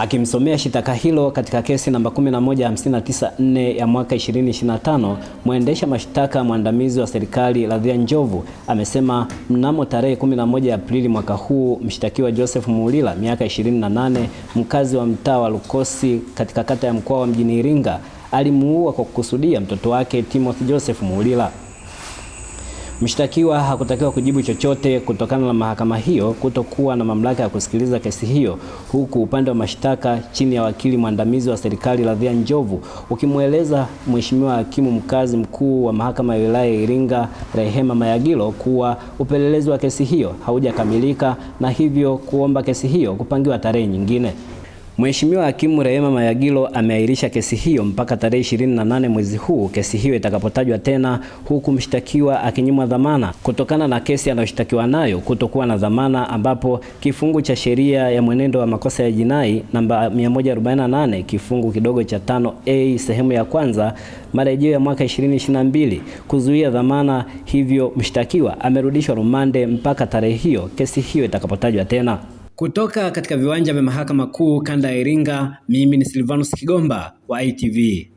akimsomea shitaka hilo katika kesi namba 11594 ya mwaka 2025, mwendesha mashtaka mwandamizi wa serikali Radhia Njovu amesema mnamo tarehe 11 Aprili mwaka huu mshtakiwa Joseph Mulila miaka 28, mkazi wa mtaa wa Lukosi katika kata ya Mkwawa mjini Iringa alimuua kwa kukusudia mtoto wake Timothy Joseph Mulila. Mshtakiwa hakutakiwa kujibu chochote kutokana na mahakama hiyo kutokuwa na mamlaka ya kusikiliza kesi hiyo, huku upande wa mashtaka chini ya wakili mwandamizi wa serikali Radhia Njovu ukimweleza Mheshimiwa Hakimu Mkazi Mkuu wa Mahakama ya Wilaya ya Iringa Rehema Mayagilo kuwa upelelezi wa kesi hiyo haujakamilika na hivyo kuomba kesi hiyo kupangiwa tarehe nyingine. Mheshimiwa Hakimu Rehema Mayagilo ameahirisha kesi hiyo mpaka tarehe 28 mwezi huu kesi hiyo itakapotajwa tena, huku mshtakiwa akinyimwa dhamana kutokana na kesi anayoshtakiwa nayo kutokuwa na dhamana, ambapo kifungu cha sheria ya mwenendo wa makosa ya jinai namba 148 kifungu kidogo cha 5A sehemu ya kwanza marejeo ya mwaka 2022 kuzuia dhamana, hivyo mshtakiwa amerudishwa rumande mpaka tarehe hiyo kesi hiyo itakapotajwa tena. Kutoka katika viwanja vya Mahakama Kuu Kanda ya Iringa, mimi ni Silvanus Kigomba wa ITV.